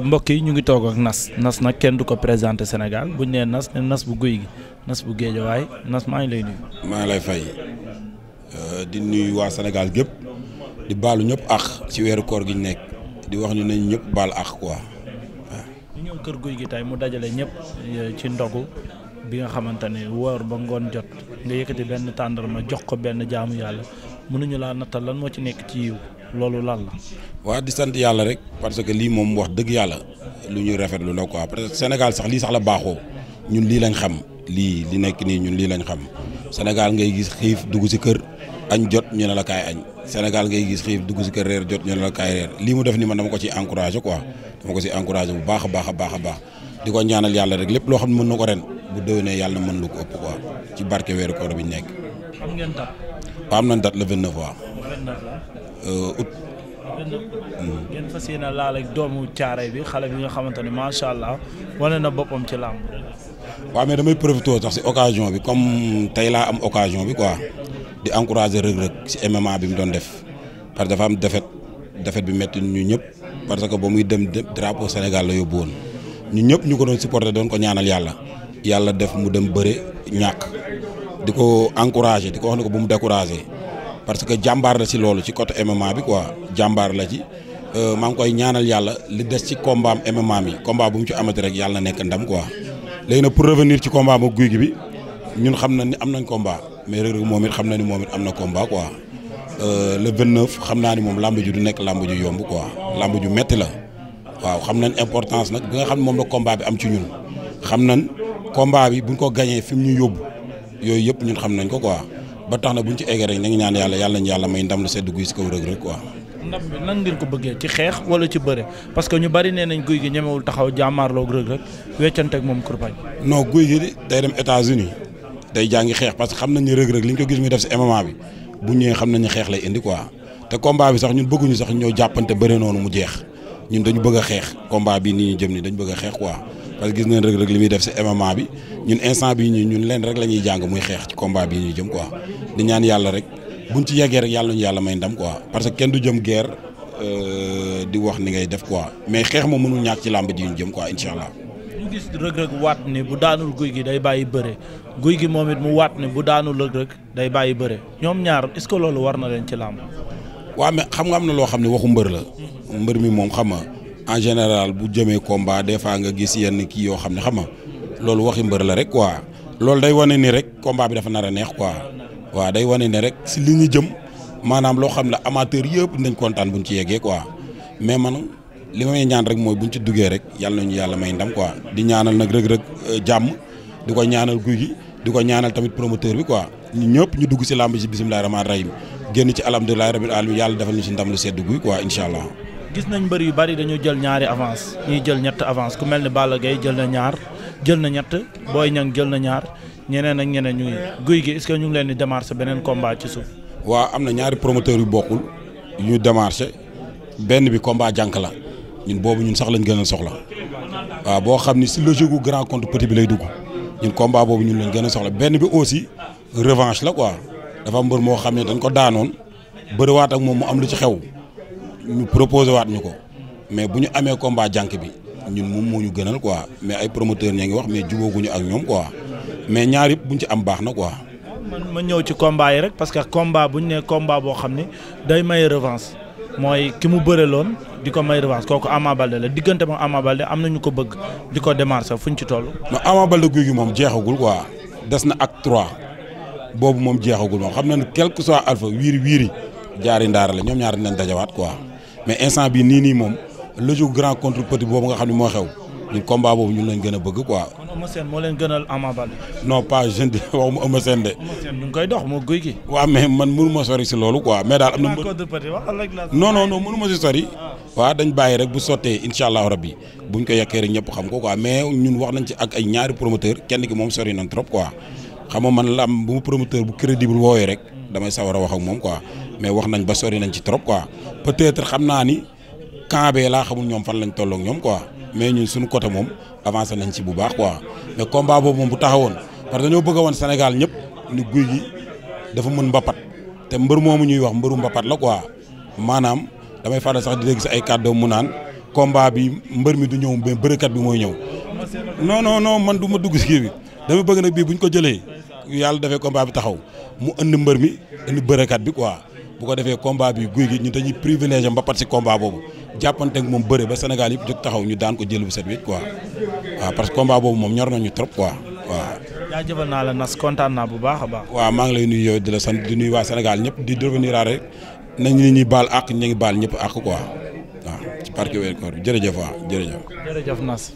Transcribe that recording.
mbokk yi ñu ngi toog ak nas nas na kenn du ko présenté Sénégal buñ nee nas ne nas bu guy gi nas bu géejawaay nas maa ngi lay nuyu. maa ngi lay fay euh, di nuyu waa Sénégal gépp di baalu ñëpp àq ci weeru koor gi nekk di wax ni nañ ñëpp baal àq quoi waaw. ñu ñëw kër guy gi tey mu dajale ñëpp euh, ci ndogu bi nga xamante ne woor ba ngoon jot nga yëkkati benn tàndarma jox ko benn jaamu yàlla ñu laa nattal lan moo ci nekk ci yiw. loolu lan la. waa di sant yàlla rek parce que lii moom wax dëgg yàlla lu ñuy rafetlu la quoi parce que Sénégal sax lii sax la baaxoo ñun lii lañ xam lii li nekk nii ñun lii lañ xam Sénégal ngay gis xiif dugg si kër añ jot ñu ne la kaay añ Sénégal ngay gis xiif dugg si kër reer jot ñu ne la kaay reer lii mu def ni man dama ko ci encouragé quoi dama ko ci encouragé bu baax a baax a baax a baax di ko ñaanal yàlla rek lépp loo xam ne mën na ko ren bu déwénee yàlla mën lu ko ëpp quoi ci barke weeru koor bi ñu nekk. am nañ date le 29 waaw. 29 euh, août. ngeen fas yéene laal ak doomu caaray bi xale bi nga xamante ne macha allah wane na boppam ci làmb. waaw mais damay profito sax si occasion bi comme tey laa am occasion bi quoi di encourager Reug Reug si MMA bi mu doon def parce que dafa am défaite défaite bi metti ñu ñëpp parce que ba muy dem drapeau Sénégal la yóbbu woon ñu ñëpp ñu ko doon supporter doon ko ñaanal yàlla yàlla def mu dem bëre ñàkk di ko encouragé di ko wax ne ko bu mu découragé parce que jàmbaar la ci loolu ci côté MMA bi quoi jàmbaar la ci euh, maa ngi koy ñaanal yàlla li des ci combat am MMA mi combat bu mu ci amati rek yàlla nekk ndam quoi léegi nag pour ci combat ba guy gi bi ñun xam na ni am nañ combat mais Reug Reug moom it xam na ni moom it am na combat quoi euh, le 29 xam naa ni moom làmb ju du nekk làmb ju yomb quoi làmb ju metti la waaw xam nañ importance nag bi nga xam ne moom la combat bi am ci ñun xam nañ combat bi buñ ko gañee fi mu ñu yóbbu. yooyu yëpp ñun xam nañ ko quoi ba tax na buñ ci eggee rek ñu ngi ñaan yàlla yàlla ñu yàlla may ndam lu sedd guy si kaw rëg rëg quoi. ndam bi nan ngeen ko bëggee ci xeex wala ci bëre parce que ñu bari nee nañ guy gi ñemewul taxaw jàmmaarloog rëg rëg weccante moom kurpañ. non guy gi day dem États-Unis day ngi xeex parce que xam nañu ne rëg rëg li ñu ko gis muy def si MMA bi bu ñëwee xam nañ ne xeex lay indi quoi te combat bi sax ñun bëgguñu sax ñoo jàppante bëre noonu mu jeex ñun dañu bëgg xeex combat bi nii ñu jëm ni dañu bëgg xeex quoi parce que gis nañ Reug Reug li muy def si MMA bi ñun instant bi ñu ñun leen rek la ñuy jàng muy xeex ci combat bi ñuy jëm quoi di ñaan yàlla rek buñ ci yeggee rek yàlla ñu yàlla may ndam quoi parce que kenn du jëm guerre euh, di wax ni ngay def quoi mais xeex moom mënul ñàkk ci làmb ji ñu jëm quoi incha allah. ñu gis Reug Reug waat ni bu daanul guy gi day bàyyi bëre guy gi moom it mu waat ni bu daanul Reug Reug day bàyyi bëre ñoom ñaar est-ce que loolu war na leen ci làmb. waaw mais xam nga am na loo xam ne waxu mbër la. Mm-hmm. mi moom xam en général bu jëmee combat des fois nga gis yenn kii yoo xam ne xam nga loolu waxi mbër la rek quoi loolu day wane ni rek combat bi dafa nar neex quoi waaw day wane ni rek si li ñu jëm maanaam loo xam ne amateur yëpp nañ kontaan bu buñ ci yeggee quoi mais man li may ñaan rek mooy buñ ci duggee rek yàlla nañu yàlla may ndam quoi di ñaanal nag Reug Reug euh, jàmm di ko ñaanal guy gi di ko ñaanal tamit promoteur bi quoi ñu ñëpp ñu dugg si làmb si bisimilah rahmaani rahim génn ci alhamdulilah rabil r yàlla defal ñu si ndam lu sedd guy quoi incha allah. gis nañ mbër yu bari dañu jël ñaari avance ñuy jël ñett avance ku mel ni Balla gay jël na ñaar jël na ñett booy Niang jël na ñaar ñeneen ak ñeneen ñu guy gi est ñu ngi leen di démarché beneen combat ci suuf. waaw am na ñaari promoteur yu bokkul ñu démarché benn bi combat jànk la ñun boobu ñun sax lañ gën a soxla waaw boo xam ni si logique gu grand compte petit bi lay dugg ñun combat boobu ñun lañ gën a soxla benn bi aussi revanche la quoi dafa mbër moo xam ne dañ ko daanoon bëriwaat ak moom mu am lu ci xew. ñu proposé waat ñu ko mais bu ñu amee combat jànk bi ñun moom moo ñu gënal quoi mais ay promoteur ñaa ngi wax mais jubóoguñu ak ñoom quoi mais ñaar yëpp ñu ci am baax na quoi. man ma ñëw ci combat yi rek parce que combat bu ñu nee combat boo xam ne day may revanche mooy ki mu bëre loon di ko may revanche kooku Ama Baldé la diggante moom Ama Baldé am na ñu ko bëgg di ko démarrer fu ñu ci toll. non Ama Baldé guy gi moom jeexagul quoi des na ak boobu moom jeexagul moom xam na ne quel que soit alpha wiiri jaari ndaara la ñoom ñaar dinañ dajawaat quoi. mais instant bi nii nii moom logique grand contre boobu nga xam ne moo xew ñun combat boobu ñun lañ gën a bëgg quoi. kon leen gënal Ama Baldé. non pas jeune moo guy gi. waaw mais man mënu ma sori si loolu quoi mais daal am na. non non non mënu ma si sori. waaw dañ bàyyi rek bu sottee incha allahu rabbi buñ ko yekkee rek ñëpp xam ko quoi mais ñun wax nañ ci ak ay ñaari promoteur kenn ki moom sori nañ trop quoi xam nga man la am bu ma promoteur bu crédible woowee rek damay sawar a wax ak moom quoi mais wax nañ ba sori nañ ci trop quoi peut-être xam naa ni camp laa xamul ñoom fan lañ tollook ñoom quoi mais ñun suñu côté moom avancé nañ ci bu baax quoi mais combat boobu moom bu taxawoon parce que dañoo bëgg a woon Sénégal ñëpp ni guy dafa mën mbapat te mbër moomu ñuy wax mbëru mbapat la quoi maanaam damay faral sax di dégg si ay kàddoom mu naan combat bi mbër mi du ñëw mais bërëkat bi mooy ñëw. non non non man du ma dugg si kii bi dama bëgg nag bii bu ñu ko jëlee yàlla defee combat bi taxaw mu indi mbër mi indi bërëkat bi quoi. bu ko defee combat bi guy gi ñu dañuy privilégié mbapat si combat boobu jàppanteeg moom bëre ba Sénégal yëpp jóg taxaw ñu daan ko jël bu set wecc quoi waaw parce que combat boobu moom ñor nañu trop quoi waaw. naa la Nas kontaan bu baax baax. waaw maa ngi lay nuyu yow di la sant di nuyu waa Sénégal ñëpp di revenir rek nañ ni ñuy baal àq ñu baal ñëpp àq quoi waaw ci parc weeru koor bi jërëjëf waaw jërëjëf. jërëjëf Nas.